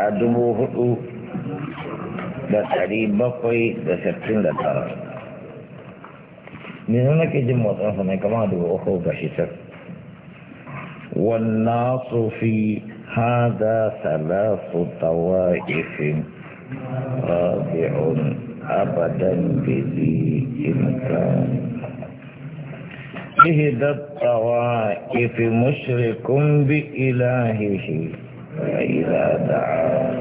a dubu hudu da ɗari bakwai da sittin da tara ne na ke jin motsin sa ne kama dubu uku ga shi sir والناس في هذا ثلاث طوائف رابع أبدا بذي إمكان إهدى الطوائف مشرك بإلهه فإذا دعا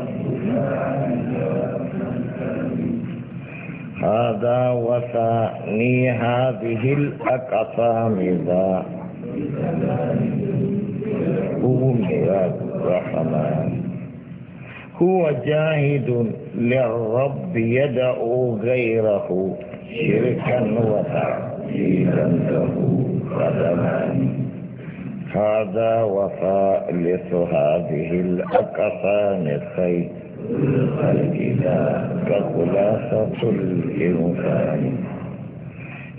هذا وثاني هذه الأقسام ذا يا الرحمن هو جاهد للرب يدعو غيره شركا وتعزيزا له قدمان هذا وثالث هذه الأقسام الخير كخلاصة الإنسان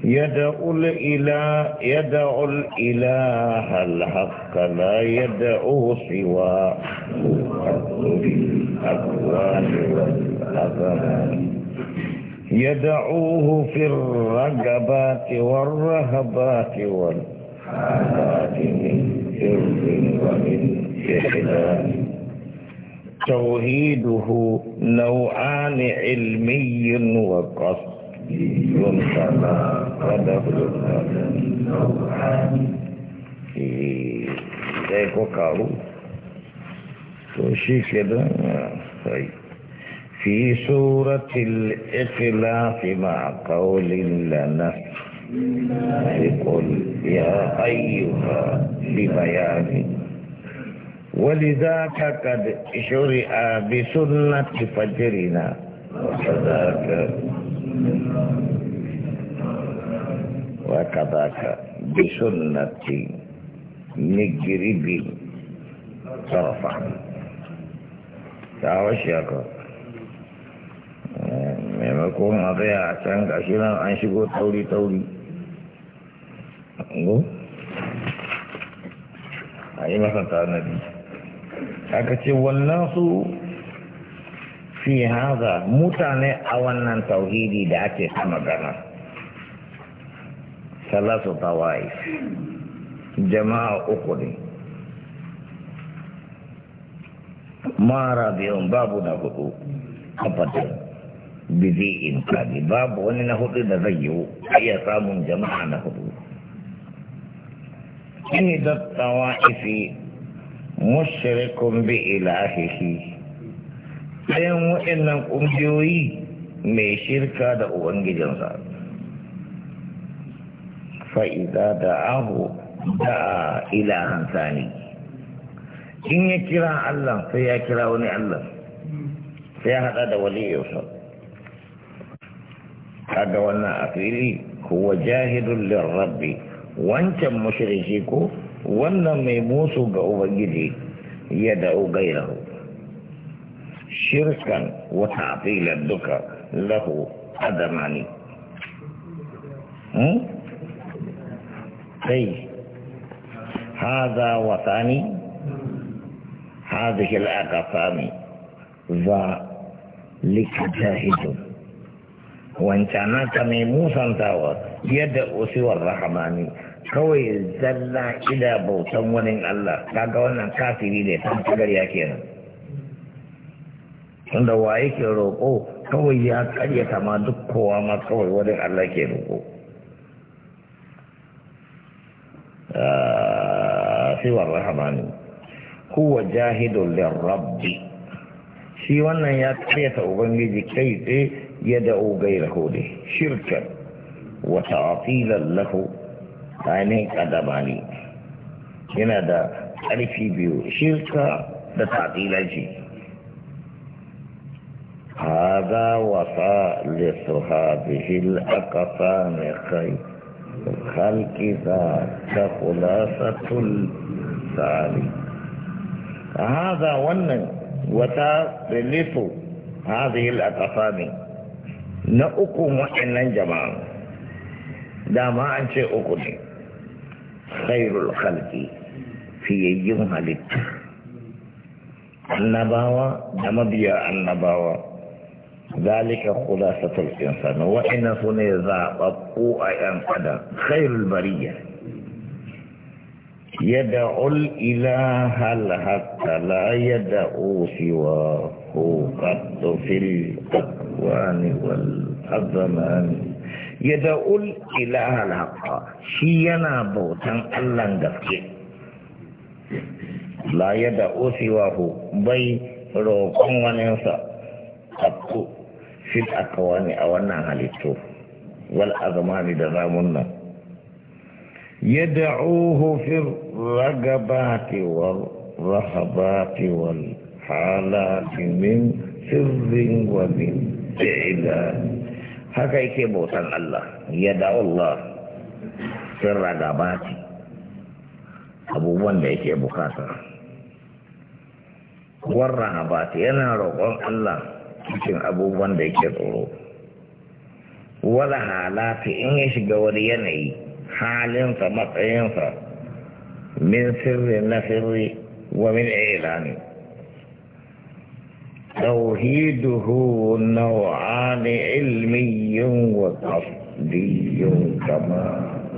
يدعو الإله يدعو الإله الحق لا يدعو سوى الأقوال والأقوال يدعوه في الرقبات والرهبات والأقوال على من جرد ومن إحلام توحيده نوعان علمي وقصدي كما قد قلنا نوعان ايكو إيه، كارو توشي كده طيب في سورة الإخلاف مع قول لنفسه بقل يا أيها ببيان ولذاك قد شرع بسنة فجرنا وكذاك وكذاك بسنة نجرب طرفا تعوش يا maimakon a tsaya a can gashi nan an shigo tauri-tauri ngo a yi masa tanadi aka ce wannan su fi haza mutane a wannan tauhidi da ake ta magana salatu tawai jama'a uku ne mara biyun babu na hudu kafatin bizi in babu wani na hudu da zai yiwu a iya samun jama'a na hudu إن ذا الطوائف مشرك بإلهه ɗayan waɗannan ƙungiyoyi mai shirka da ubangijan ubangijinsa fa'iza da ahu da ilahan sani in ya kira allah sai ya kira wani allah sai ya haɗa da waliyarsa kaga wannan a fili kuwa jahidun lirrabbi wancan mushriki ko wannan mai musu ga ubangiji ya da'u gairahu shirkan wa ta'tilan duka lahu adamani sai هذا وثاني هذه الأقسام ذا لك جاهد وانت أنك ميموسا تاوى يدعو usiwar الرحمن kawai zalla ila bautan wani Allah kaga wannan kafiri ne san ya kenan tunda wa yake roƙo kawai ya karyata ma duk kowa ma kawai wani Allah ke roƙo ah, siwar rahamani huwa jahidun lirrabbi shi wannan ya karyata ubangiji kai tsaye ya da'u gairahu ne shirkan wa ta'atilan lahu ainihin kadaba yana da ƙarfi biyu shirka da tatilaji haza wasa lisu haɗe hil aka sami kai halki za ta kula satul tsari haza wannan wata lisu haɗe hil aka sami na uku nan jama'a dama an ce uku ne خير الخلق في يوم هلت النباوة دمبيا النباوة ذلك خلاصة الإنسان وإن سنزا وقوء أنقدا خير البرية يدعو الإله الحق لا يدعو سواه قط في الأكوان والأزمان ya da'ul ilaha haqqa shi yana bautan Allah gaske la ya da'u siwahu bai roƙon waninsa hakku fil akawani a wannan halittu wal azmani da zamun nan ya da'uhu fil ragabati wal rahabati wal halati min sirrin wa min haka yake bautan Allah ya da Allah sirra ce abubuwan da yake bukata warra ce yana roƙon Allah cikin abubuwan da yake tsoro wala halata in ya shiga wani yanayi halinsa matsayinsa min sirri na sirri wa min ilani توحيده نوعان علمي وتفضي كما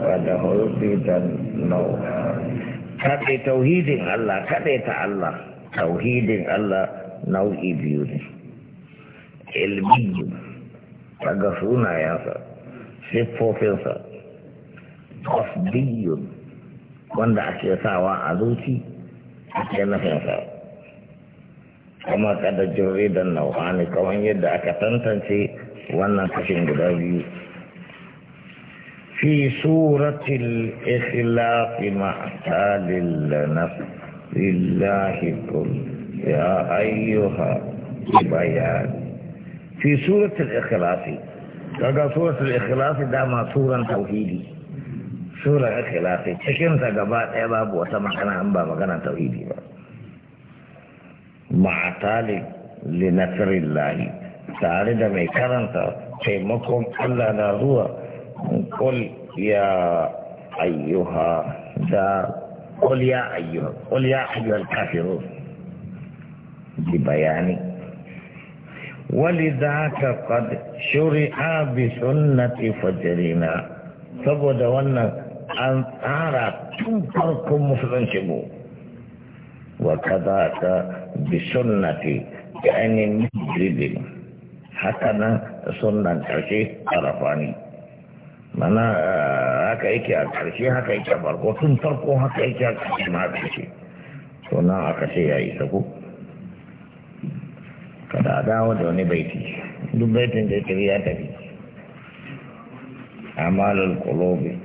قاله البدن نوعان كده توحيد الله كده الله توحيد الله نوع بيوني علمي تغفونا يا سر سفو فينسا قصدي wanda ake sawa a zuci ake nufinsa kama kada jure da nau'ani kamar yadda aka tantance wannan kashin guda biyu fi suratul ikhlaq talil lilnas lillahi kul ya ayyuha bayan fi suratil ikhlaq kaga suratil ikhlaq dama suran tauhidi suratil ikhlaq cikin ta gaba daya babu wata magana an ba magana tauhidi ba مع طالب لنصر الله تعالى ما كرنت تيمكم الله نازوا قل يا أيها ذا قل يا أيها قل يا أيها الكافرون ببيانك ولذاك قد شرع بسنة فجرنا فبدونا ان ارى تنفركم مسلم شبو وكذاك بسنة ka مجرد حسنا سنة كرشي عرفاني mana haka yake a ƙarshe haka yake a farko tun farko haka yake a ƙarshe ma haka yake to nan ce ya yi sako kada a dawo da wani baiti duk baitin da ya tafi ya tafi amalul qulubi